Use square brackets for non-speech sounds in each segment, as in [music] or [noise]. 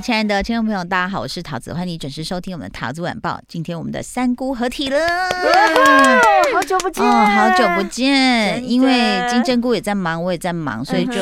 親愛的聽眾朋友，大家好，我是陶子，歡迎你準時收聽我們的陶子晚報。今天我們的三姑合體了，好久不見，哦，好久不見。因為金針菇也在忙，我也在忙，所以就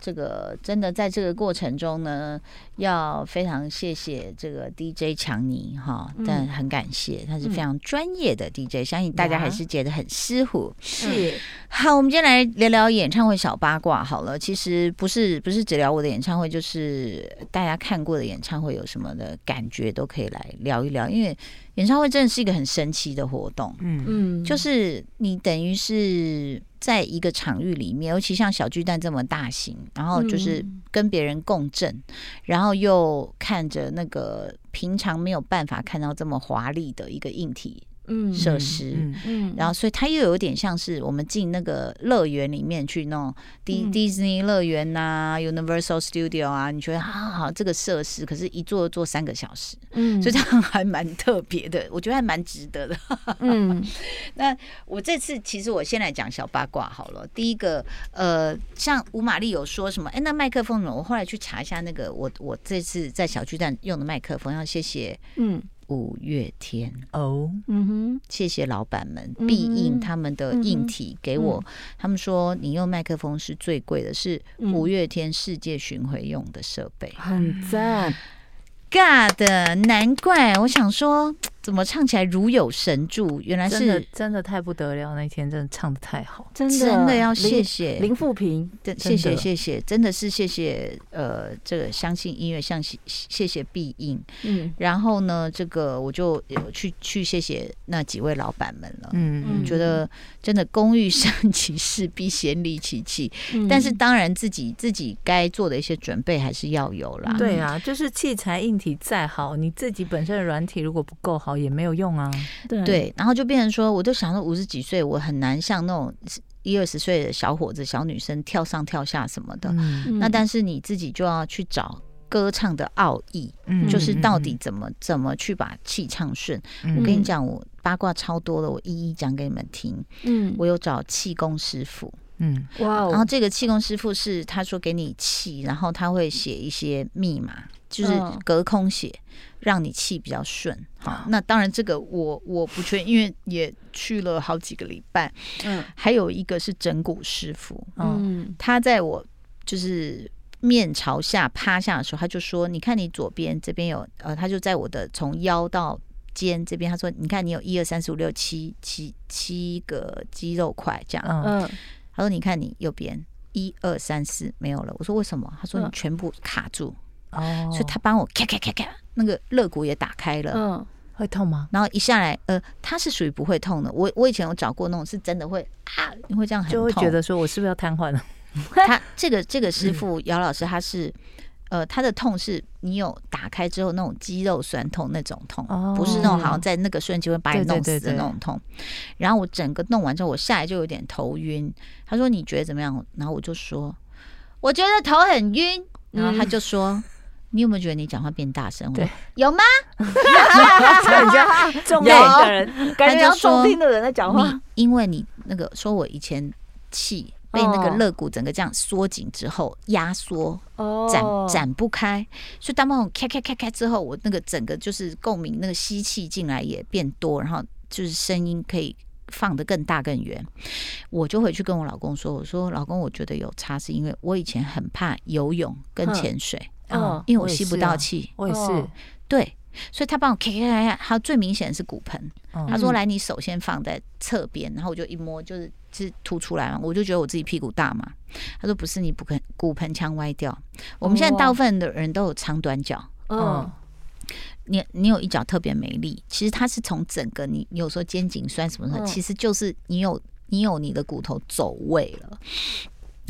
這個、嗯、哼真的在這個過程中呢。要非常謝謝這個 DJ 強尼哈，但很感謝他是非常專業的 DJ，、嗯、相信大家還是覺得很舒服、啊、是、嗯、好，我們今天來聊聊演唱會小八卦好了。其實不是不是只聊我的演唱會，就是大家看過的演唱會有什麼的感覺都可以來聊一聊，因為演唱會真的是一個很神奇的活動。嗯嗯，就是你等於是。在一個場域裡面，尤其像小巨蛋這麼大型，然後就是跟別人共振，嗯、然後又看着那個平常沒有辦法看到這麼華麗的一個硬體。嗯，設、嗯、施，嗯、然後所以它又有點像是我們進那個樂園裡面去弄迪迪士尼樂園吶、啊、Universal Studio 啊，你覺得啊，好，好這個設施，可是一坐坐三個小時，嗯，所以這樣還蠻特別的，我覺得還蠻值得的。哈，哈、嗯、那我這次其實我先來講小八卦好了。第一個，呃，像吳瑪麗有說什麼？哎，那麥克風呢？我後來去查一下那個，我我這次在小巨蛋用的麥克風要謝謝，嗯。五月天哦，oh, mm hmm. 謝謝老闆們，必應他們的硬體給我。Mm hmm. 他們說，你用麥克風是最貴的，是五月天世界巡迴用的設備，mm hmm. [laughs] 很讚。尬的，God, 難怪我想說，怎麼唱起來如有神助？原來是真的，真的太不得了！那天真的唱的太好，真的要謝謝林，林富平，對真的謝謝謝謝，真的是謝謝。呃，這個相信音樂，相信謝謝必應。嗯，然後呢，這個我就有去去謝謝那幾位老闆們了。嗯，覺得真的工欲善其事，嗯、必先利其器。嗯、但是當然自，自己自己該做的一些準備還是要有啦。對啊，就是器材硬。身體再好，你自己本身的軟體如果不夠好，也沒有用啊。對，對，然後就變成說，我就想到五十幾歲，我很難像那種一二十歲的小夥子、小女生跳上跳下什麼的。嗯、那但是你自己就要去找歌唱的奧義，嗯、就是到底怎麼怎麼去把氣唱順。嗯、我跟你講，我八卦超多的，我一一講給你們聽。嗯，我有找氣功師傅。嗯，哇哦。然後這個氣功師傅是他說給你氣，然後他會寫一些密碼。就是隔空血，讓你氣比較順。好、嗯，那當然這個我我不確定， [laughs] 因為也去了好幾個禮拜。嗯，還有一個是整骨師傅，嗯，嗯，他在我就是面朝下趴下的時候，他就說：“你看你左邊這邊有呃，他就在我的從腰到肩這邊，他說：‘你看你有一二三四五六七七七個肌肉塊這樣。’嗯，嗯，他說：‘你看你右邊一二三四沒有了。’我說：‘為什麼？’他說：‘你全部卡住。嗯’哦、所以他幫我咔咔咔咔，那個肋骨也打開了，嗯，會痛嗎？然後一下來，呃，他是屬於不會痛的。我我以前有找過那種是真的會啊，你會這樣很痛，就會覺得說我是不是要癱瘓了？他這個這個師傅姚老師他是，呃，他的痛是你有打開之後那種肌肉酸痛那種痛，不是那種好像在那個瞬間會把你弄死的那種痛。然後我整個弄完之後，我下來就有點頭暈。他說，你覺得怎麼樣？然後我就說我覺得頭很暈。然後他就說。嗯嗯你有沒有覺得你講話變大聲？對，有嗎？哈 [laughs] [laughs] 的人在講話對 你因為你那個說我以前氣被那個肋骨整個這樣縮緊之後壓縮，展展不開，所以當我開開開開之後，我那個整個就是共鳴，那個吸氣進來也變多，然後就是聲音可以放得更大更圓。我就回去跟我老公說：“我說老公，我覺得有差，是因為我以前很怕游泳跟潛水。”啊、因為我吸不到氣、啊，我也是。對，所以他幫我開開開開。他最明顯的是骨盆。嗯、他說：“來，你手先放在側邊，然後我就一摸、就是，就是是凸出來嘛，我就覺得我自己屁股大嘛。”他說：“不是，你不盆骨盆腔歪掉。我們現在大部分的人都有長短腳。嗯、哦，你你有一腳特別沒力。其實它是從整個你，你有說肩頸酸什麼的，哦、其實就是你有你有你的骨頭走位了。”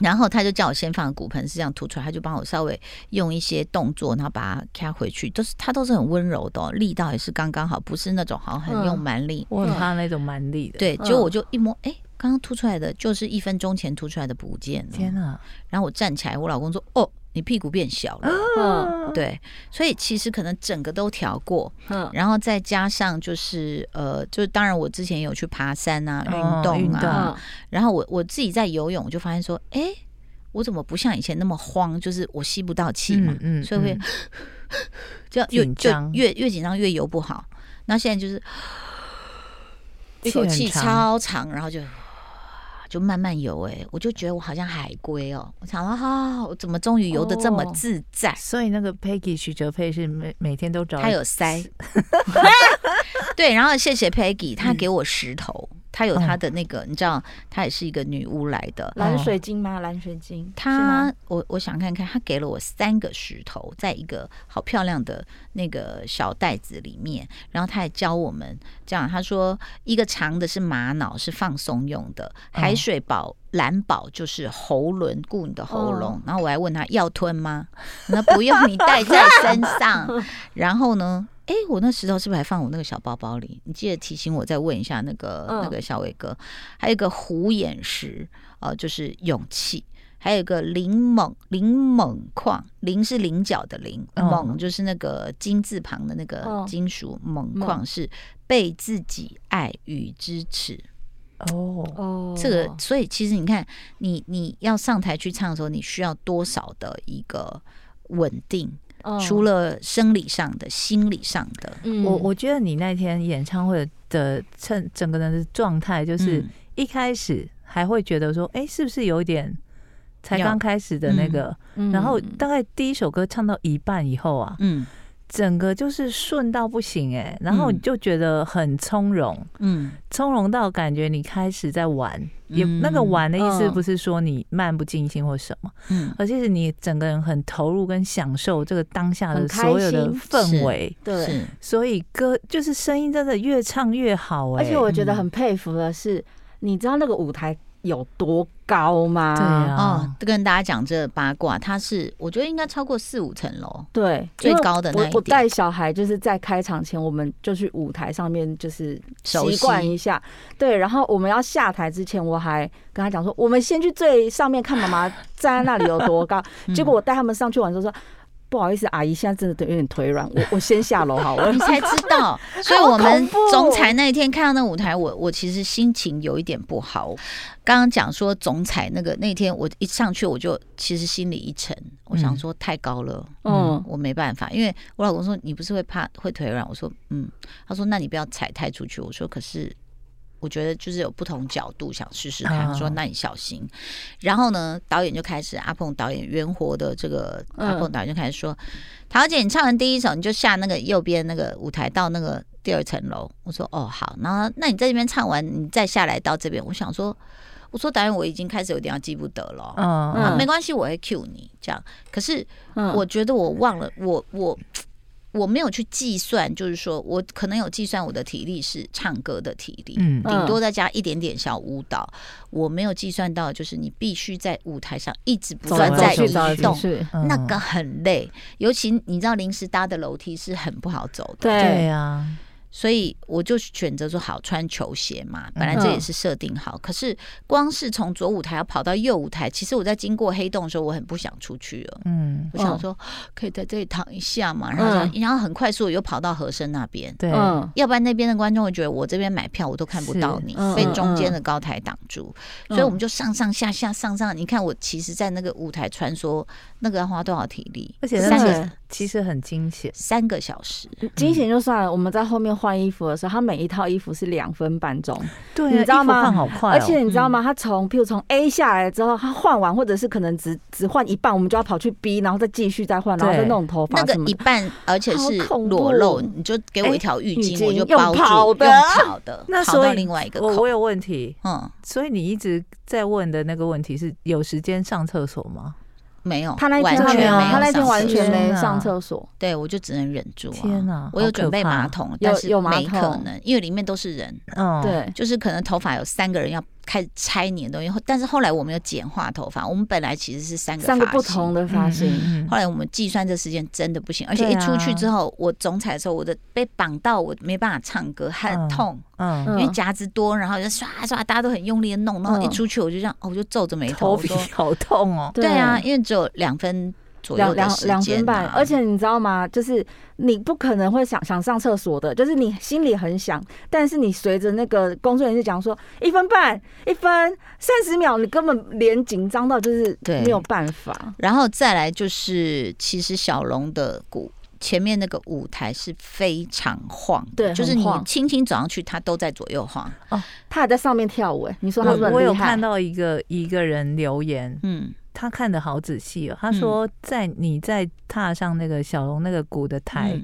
然後他就叫我先放骨盆是這樣凸出來，他就幫我稍微用一些動作，然後把它卡回去，都是他都是很溫柔的、哦，力道也是剛剛好，不是那種好像很用蠻力，嗯嗯、我很怕那種蠻力的。對，嗯、結果我就一摸，哎，剛剛凸出來的就是一分鐘前凸出來的不見了。天哪。然後我站起來，我老公說：“哦。”你屁股變小了，對，所以其實可能整個都調過，然後再加上就是呃，就是當然我之前有去爬山啊，運動啊，然後我我自己在游泳，我就發現說，哎，我怎麼不像以前那麼慌就、嗯？嗯嗯就，欸、麼麼慌就是我吸不到氣嘛嗯，嗯，所以會就越就越越緊張，越游不好，那現在就是一口氣超長，然後就。就慢慢游，哎、欸，我就覺得我好像海龜哦，我想說哈、哦，我怎麼終於游得這麼自在？Oh, 所以那個 Peggy 許哲珮是每每天都找他有塞，對，然後謝謝 Peggy、嗯、他給我石頭。他有他的那個，你知道，他也是一個女巫來的藍水晶嗎？藍水晶，他我我想看看，他給了我三個石頭，在一個好漂亮的那個小袋子裡面，然後他還教我們這樣，他說一個長的是瑪瑙，是放鬆用的。海水寶、藍寶就是喉輪，顧你的喉嚨，然後我還問他要吞嗎？那不用，你戴在身上，然後呢？哎，我那石頭是不是還放我那個小包包裡？你記得提醒我再問一下那個、oh. 那個小偉哥。還有一個虎眼石，呃，就是勇氣；還有一個菱錳。菱錳礦，菱是菱角的菱，oh. 錳就是那個金字旁的那個金屬、oh. 錳礦，是被自己愛與支持。哦哦，這個所以其實你看，你你要上台去唱的時候，你需要多少的一個穩定？除了生理上的、心理上的，我我覺得你那天演唱會的，趁整、整個人的狀態，就是，嗯、一開始還會覺得說，哎、欸，是不是有點才剛開始的那個，嗯、然後大概第一首歌唱到一半以後啊，嗯。嗯整個就是順到不行哎、欸，然後就覺得很從容，嗯，從容到感覺你開始在玩，嗯、也那個玩的意思不是說你漫不經心或什麼，嗯，嗯，而且是你整個人很投入跟享受這個當下的所有的氛圍，對，所以歌就是聲音真的越唱越好、欸、而且我覺得很佩服的是，你知道那個舞台。有多高嗎？對啊，哦，跟大家講這八卦，它是我覺得應該超過四五層樓，對，最高的那一點。我帶小孩就是在開場前，我們就去舞台上面，就是習慣一下。西西對，然後我們要下台之前，我還跟他講說，我們先去最上面看媽媽站在那裡有多高。 [laughs] 結果我帶他們上去玩的時候說。.不好意思，阿姨，現在真的有點腿軟，我我先下樓好了 [laughs] 你才知道，所以我們總彩那天看到那舞台，我我其實心情有一點不好。剛剛講說總彩那個那天，我一上去我就其實心裡一沉，我想說太高了。嗯，嗯，我沒辦法，因為我老公說，你不是會怕會腿軟？我說嗯，他說那你不要踩太出去，我說可是。我覺得就是有不同角度想試試看，說那你小心。Oh. 然後呢，導演就開始阿鵬導演圓活的這個、oh. 阿鵬導演就開始說：“陶、oh. 姐，你唱完第一首，你就下那個右邊那個舞台到那個第二層樓。”我說：“哦、oh,，好。”然後，那你在這邊唱完，你再下來到這邊。我想說，我說導演，我已經開始有點要記不得了。嗯、oh.，沒關係，我會 cue 你這樣。可是、oh. 我覺得我忘了，我我。我沒有去計算，就是說我可能有計算我的體力是唱歌的體力，嗯，頂多再加一點點小舞蹈。嗯，我沒有計算到，就是你必須在舞台上一直不斷在移動，那個很累。尤其你知道，臨時搭的樓梯是很不好走的，對呀，啊。對對所以我就選擇說，好，穿球鞋嘛，本來這也是設定好。可是光是從左舞台要跑到右舞台，其實我在經過黑洞的時候，我很不想出去了。嗯，我想說可以在這裡躺一下嘛，然後然後很快速又跑到和聲那邊。對，要不然那邊的觀眾會覺得，我這邊買票我都看不到你，被中間的高台擋住。所以我們就上上下下上上，你看我其實，在那個舞台穿梭，那個要花多少體力？而且三個。其實很驚險，三個小時驚險、嗯、就算了。我們在後面換衣服的時候，他每一套衣服是兩分半鐘，對、啊，你知道嗎？哦嗯、而且你知道嗎？他從，譬如從 A 下來之後，他換完，或者是可能只只換一半，我們就要跑去 B，然後再繼續再換，然後再弄頭髮。那個一半，而且是裸露，你就給我一條浴巾，欸、我就包住，用跑的。用跑的 [laughs] 那所以另外一個我，我有問題，嗯，所以你一直在問的那個問題是有時間上廁所嗎？沒有，他那天完全沒有上廁所。天哪！對我就只能忍住啊！天哪，我有準備馬桶，但是沒可能，因為裡面都是人。嗯、哦，對，就是可能頭髮有三個人要。開始拆你的東西，但是後來我們有簡化頭髮。我們本來其實是三個三個不同的髮型，嗯嗯嗯，後來我們計算這時間真的不行，嗯嗯，而且一出去之後，我總彩的時候，我的被綁到，我沒辦法唱歌，很痛，嗯嗯嗯，因為夾子多，然後就刷刷，大家都很用力的弄，然後一出去我就這樣，哦，我就皺着眉頭，我說好痛哦，對啊，因為只有兩分。兩兩兩分半，而且你知道嗎？就是你不可能會想想上廁所的，就是你心裡很想，但是你隨着那個工作人員就講說一分半、一分三十秒，你根本連緊張到就是沒有辦法。然後再來就是，其實小龍的鼓。前面那個舞台是非常晃的，對，就是你輕輕走上去，他都在左右晃。哦，他還在上面跳舞哎、欸，你說他說很厲害。我，我有看到一個一個人留言，嗯，他看得好仔細哦。他說在你在踏上那個小龍那個鼓的台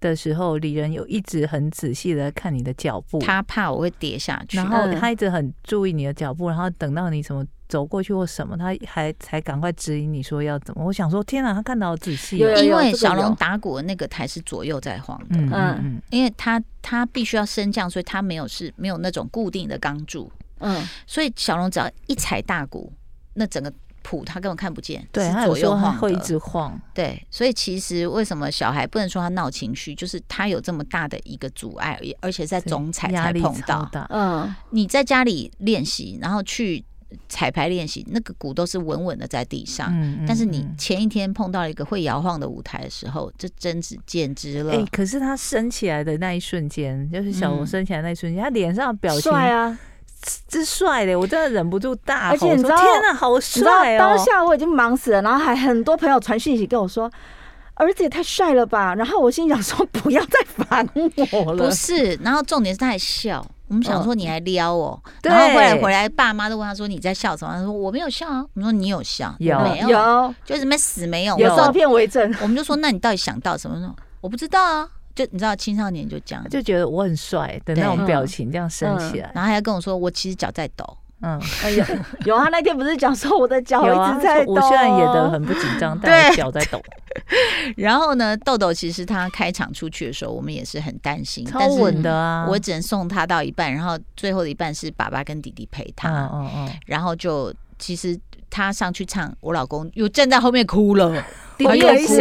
的時候，李仁、嗯、有一直很仔細的看你的腳步，他怕我會跌下去，然後他一直很注意你的腳步，然後等到你什麼？走過去或什麼，他還才趕快指引你說要怎麼。我想說，天哪、啊，他看到仔細、啊，有有有這個，因為小龍打鼓的那個台是左右在晃的，嗯，因為他他必須要升降，所以他沒有是沒有那種固定的鋼柱，嗯，所以小龍只要一踩大鼓，那整個譜他根本看不見，對，左右晃他會一直晃，對，所以其實為什麼小孩不能說他鬧情緒，就是他有這麼大的一個阻礙，而且在總彩才，才碰到，嗯，你在家裡練習，然後去。彩排練習，那個鼓都是穩穩的在地上。嗯嗯、但是你前一天碰到一個會搖晃的舞台的時候，這真是簡直了。哎、欸，可是他升起來的那一瞬間，就是小龍升起來那一瞬間，嗯、他臉上表情帥啊，真帥的，我真的忍不住大吼你知道我說：“天哪，好帥、哦！”當下我已經忙死了，然後還很多朋友傳訊息跟我說：“兒子也太帥了吧！”然後我心想說：“不要再煩我了。”不是，然後重點是他還笑。我們想說你還撩我、哦，然後回來回來，爸媽都問他說你在笑什麼？他說我沒有笑啊。我們說你有笑，有有，沒有有就是沒死沒有，有照片為證。我們就說那你到底想到什麼？說我不知道啊。就你知道青少年就這樣，就覺得我很帥的那種表情這樣升起來，嗯嗯、然後還要跟我說我其實腳在抖。嗯，哎呀， [laughs] 有、啊，他那天不是講說我的腳一直在抖。啊、我雖然也得很不緊張， [laughs] 對 但是腳在抖。 [laughs] 然後呢，豆豆其實他開場出去的時候，我們也是很擔心，超穩的啊！我只能送他到一半，然後最後的一半是爸爸跟弟弟陪他。嗯嗯，嗯嗯，然後就其實他上去唱，我老公又站在後面哭了。弟弟也哭，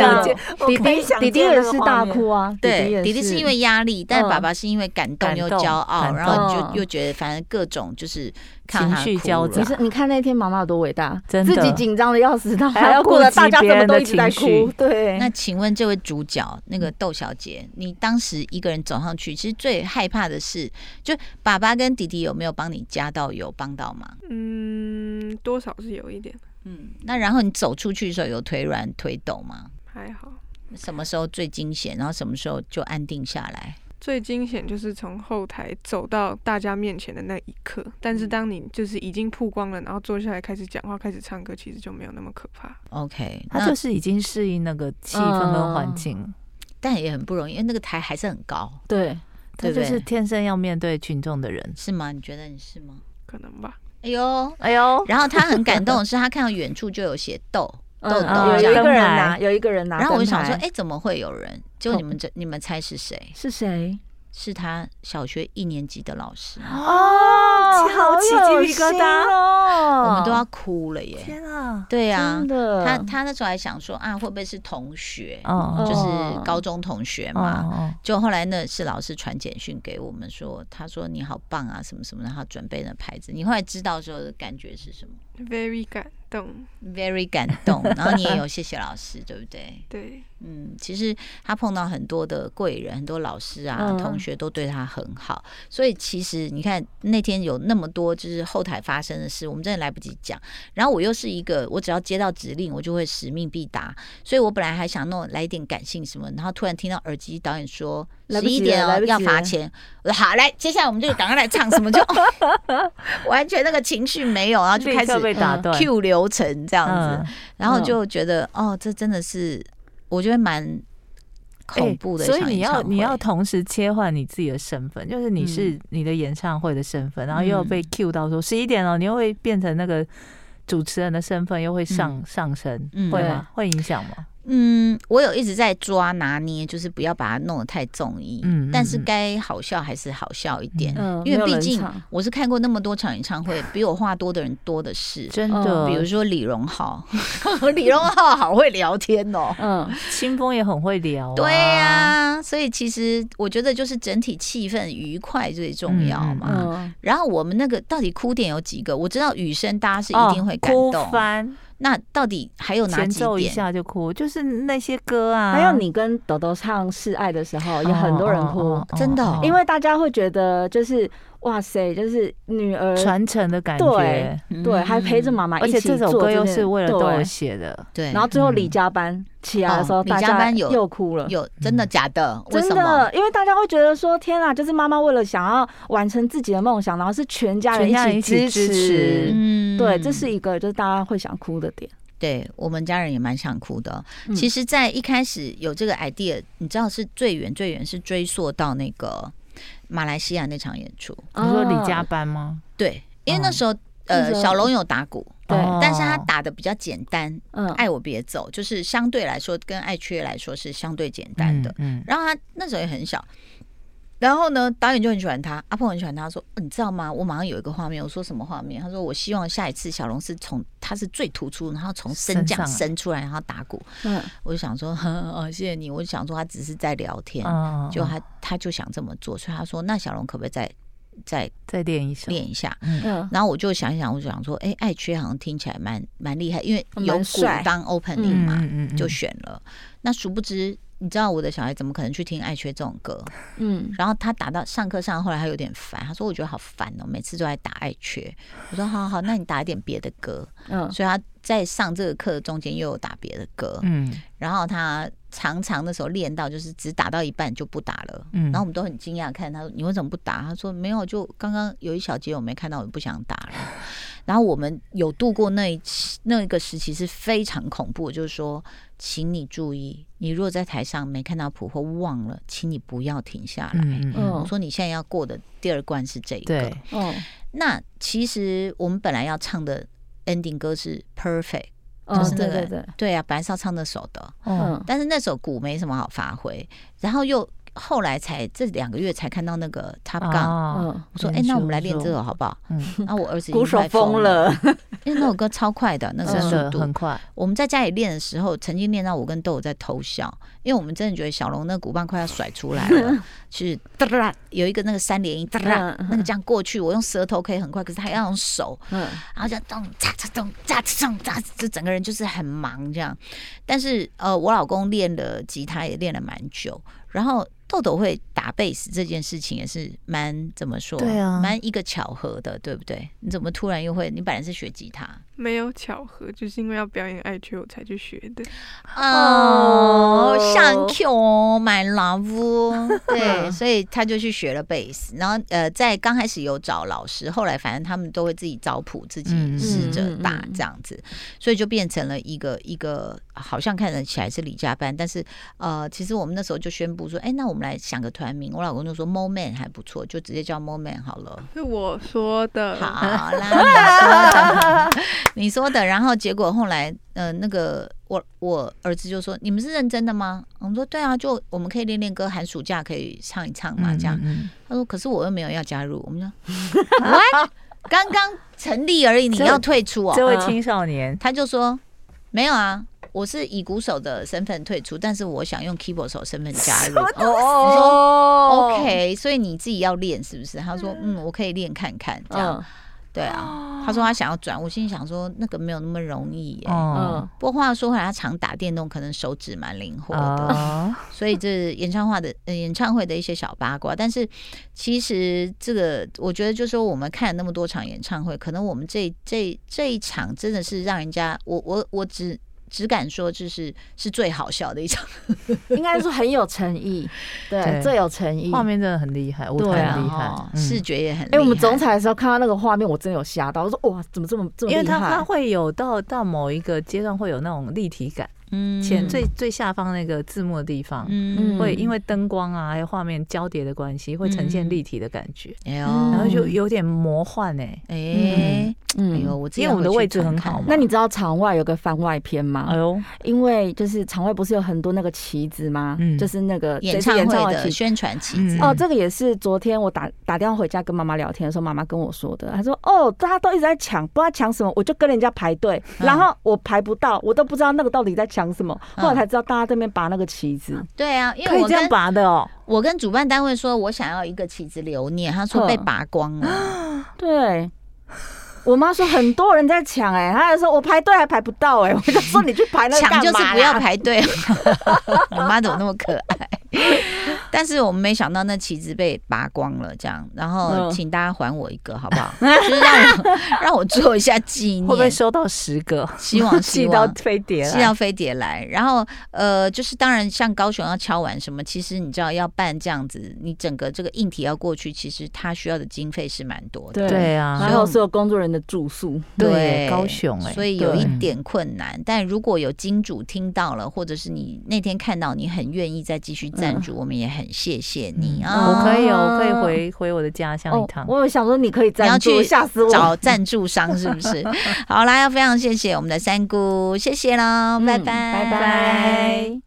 弟弟弟弟也是大哭啊。對，弟弟是因為壓力，但爸爸是因為感動又驕傲，嗯、然後就又覺得反正各種就是看情緒交織。只是你看那天媽媽有多偉大，自己緊張的要死，她還要顧及別人的情緒。對。那請問這位主角那個竇小姐，你當時一個人走上去，其實最害怕的是，就爸爸跟弟弟有沒有幫你加到油，有幫到忙？嗯，多少是有一點。嗯，那然後你走出去的時候有腿軟、腿抖嗎？還好。Okay，什麼時候最驚險？然後什麼時候就安定下來？最驚險就是從後台走到大家面前的那一刻。但是當你就是已經曝光了，然後坐下來開始講話、開始唱歌，其實就沒有那麼可怕。OK，那他就是已經適應那個氣氛和環境，嗯，但也很不容易，因為那個台還是很高。對，對吧？他就是天生要面對群眾的人，是嗎？你覺得你是嗎？可能吧。哎呦，哎呦！然後他很感動，是他看到遠處就有些豆、嗯、豆豆豆、哦，有一個人拿，有一個人拿。然後我就想說，哎，怎麼會有人？結果你們這，哦、你們猜是誰？是誰？是他小學一年級的老師哦，好奇心，雞皮疙瘩哦，我們都要哭了耶！天啊哪，對啊，真的，他他那時候還想說啊，會不會是同學？Oh、就是高中同學嘛。Oh、就後來那是老師傳簡訊給我們說，oh、他說你好棒啊，什麼什麼，然後準備的牌子。你後來知道之後的感覺是什麼？Very good。動，very 感動， [laughs] 然後你也有謝謝老師， [laughs] 對不對？對，嗯，其實他碰到很多的貴人，很多老師啊，同學都對他很好，嗯，所以其實你看那天有那麼多就是後台發生的事，我們真的來不及講。然後我又是一個，我只要接到指令，我就會使命必達，所以我本來還想弄來一點感性什麼，然後突然聽到耳機導演說。十一點哦，要罰錢。我說好，來，接下來我們就趕快來唱什麼？就完全那個情緒沒有，然後就開始被打斷，Q 流程這樣子。然後就覺得，哦，這真的是我覺得蠻恐怖的。所以你要你要同時切換你自己的身份，就是你是你的演唱會的身份，然後又要被 Q 到說十一點了，你又會變成那個主持人的身份，又會上上升，會嗎？會影響嗎？嗯，我有一直在抓拿捏，就是不要把它弄得太綜藝。嗯嗯、但是該好笑還是好笑一點，嗯、因為畢竟我是看過那麼多場演唱會，啊、比我話多的人多的是，真的。嗯、比如說李榮浩， [laughs] 李榮浩好會聊天哦、喔。嗯，清風也很會聊、啊。對呀、啊，所以其實我覺得就是整體氣氛愉快最重要嘛。嗯嗯、然後我們那個到底哭點有幾個？我知道雨聲，大家是一定會感動。哦哭翻那到底還有哪幾點？一下就哭，就是那些歌啊，還有你跟豆豆唱示愛的時候，有很多人哭，真的，因為大家會覺得就是。哇塞，就是女兒傳承的感覺，對對，還陪着媽媽一起。而且這首歌又是為了我寫的，對。然後最後李家班起來的時候，李家班有又哭了，有真的假的？真的，因為大家會覺得說天啊，就是媽媽為了想要完成自己的夢想，然後是全家人一起支持。嗯，對，這是一個就是大家會想哭的點。對我們家人也蠻想哭的。其實，在一開始有這個 idea，你知道是最遠最遠是追溯到那個。馬來西亞那場演出。你說李家班嗎？對，因為那時候、哦、呃，小龍有打鼓，哦、對，但是他打的比較簡單，嗯、哦，愛我別走就是相對來說跟愛缺來說是相對簡單的，嗯，嗯然後他那時候也很小。然後呢，導演就很喜歡他，阿鵬很喜歡他，說、哦、你知道嗎？我馬上有一個畫面，我說什麼畫面？他說我希望下一次小龍是從他是最突出，然後從升降升出來，來然後打鼓。嗯、我就想說，哦，謝謝你。我就想說，他只是在聊天，就、嗯、他他就想這麼做，所以他說那小龍可不可以再再再練一練一下？一嗯、然後我就想一想，我就想說，哎，愛缺好像聽起來蠻蠻，蠻厲害，因為有鼓當 opening 嘛，帥就選了。嗯嗯嗯那殊不知。你知道我的小孩怎麼可能去聽愛缺這種歌？嗯，然後他打到上課上，後來他有點煩，他說：“我覺得好煩哦，每次都在打愛缺。”我說：“好好，那你打一點別的歌。”嗯，所以他在上這個課中間又有打別的歌。嗯，然後他常常的時候練到就是只打到一半就不打了。嗯，然後我們都很驚訝看，看他說：“你為什麼不打？”他說：“沒有，就剛剛有一小節我沒看到，我不想打了。”然後我們有度過那一期那一個時期是非常恐怖，就是說，請你注意，你若在台上沒看到譜，或忘了，請你不要停下來。嗯、嗯、我說你現在要過的第二關是這個。對，嗯，那其實我們本來要唱的 ending 歌是 perfect，就是那個、哦、對，對，對，對啊，本來是要唱那首的。嗯，但是那首鼓沒什麼好發揮，然後又。後來才這兩個月才看到那個 Top Gun，我說：“哎，那我們來練這個好不好？”嗯，那我兒子鼓手瘋了，因為那首歌超快的，那個速度很快。我們在家裡練的時候，曾經練到我跟豆豆在偷笑，因為我們真的覺得小龍那鼓棒快要甩出來了，是噠啦，有一個那個三連音噠啦，那個這樣過去，我用舌頭可以很快，可是他要用手，嗯，然後就咚嚓嚓咚嚓嚓咚，就整個人就是很忙這樣。但是呃，我老公練的吉他也練了蠻久。然後豆豆會打貝斯這件事情也是蠻怎麼說，啊、蠻一個巧合的，對不對？你怎麼突然又會？你本來是學吉他，沒有巧合，就是因為要表演安可曲我才去學的。哦 thank you, my love。 [laughs] 對，所以他就去學了貝斯。然後呃，在剛開始有找老師，後來反正他們都會自己找譜，自己試着打這樣子，嗯嗯嗯，所以就變成了一個一個好像看得起來是李家班，但是呃，其實我們那時候就宣布。我說：“哎、欸，那我們來想個團名。”我老公就說：“MOMAN 還不錯，就直接叫 MOMAN 好了。”是我說的。好啦，你說的。 [laughs] 你說的。然後結果後來，呃，那個我我兒子就說：“你們是認真的嗎？”我們說：“對啊，就我們可以練練歌，寒暑假可以唱一唱嘛，這樣。”嗯，嗯，他說：“可是我又沒有要加入。”我們說：“喂，剛剛 [laughs] 成立而已，就你要退出哦。”這位青少年，他就說：“沒有啊。”我是以鼓手的身份退出，但是我想用 keyboard 手身份加入。哦 [laughs] 說、oh、，OK，說所以你自己要練是不是？他說，嗯，我可以練看看這樣。Uh, uh, 對啊，他說他想要轉，我心裡想說，那個沒有那麼容易耶、欸。嗯，uh, uh, 不過話說回來，他常打電動，可能手指蠻靈活的。Uh、所以這是演唱會的、呃、演唱會的一些小八卦，但是其實這個我覺得，就是說我們看了那麼多場演唱會，可能我們這這一這一場真的是讓人家我我我只。只敢說就是是最好笑的一場，應該說很有誠意，對，對最有誠意。畫面真的很厲害，舞台很厲害，啊嗯、視覺也很厲害。哎、欸，我們總彩的時候看到那個畫面，我真的有嚇到，我說哇，怎麼這麼這麼厲害？因為他他會有到到某一個階段會有那種立體感。前最最下方那個字幕的地方，會因為燈光啊還有畫面交疊的關係，會呈現立體的感覺，然後就有點魔幻呢。哎，嗯，因為我們的位置很好嘛。那你知道場外有個番外篇嗎？哎呦，因為就是場外不是有很多那個旗子嗎？就是那個演唱會的宣傳旗子。哦。這個也是昨天我打打電話回家跟媽媽聊天的時候，媽媽跟我說的。她說：“哦，大家都一直在搶，不知道搶什麼，我就跟人家排隊，然後我排不到，我都不知道那個到底在搶。”想什麼？後來才知道大家在那邊拔那個旗子。嗯。對啊，因為我跟可以這樣拔的哦？喔，我跟主辦單位說我想要一個旗子留念，他說被拔光了。嗯啊。對。我媽說很多人在搶哎、欸，她還說我排隊還排不到哎、欸，我就說你去排了搶就是不要排隊。 [laughs] [laughs] 我媽怎麼那麼可愛？ [laughs] 但是我們沒想到那旗子被拔光了，這樣，然後請大家還我一個好不好？嗯、就是讓我 [laughs] 讓我做一下紀念。會不會收到十個？希望希望寄到飛碟，寄到飛碟來。然後呃，就是當然像高雄要敲碗什麼，其實你知道要辦這樣子，你整個這個硬體要過去，其實它需要的經費是蠻多的。對啊，還有所有工作人員。住宿對高雄欸，所以有一點困難。但如果有金主聽到了，或者是你那天看到你很願意再繼續贊助，我們也很謝謝你啊！我可以，我可以回回我的家鄉一趟。我有想說，你可以贊助，你要去找贊助商是不是？好啦，要非常謝謝我們的三姑，謝謝啦。拜拜，拜拜。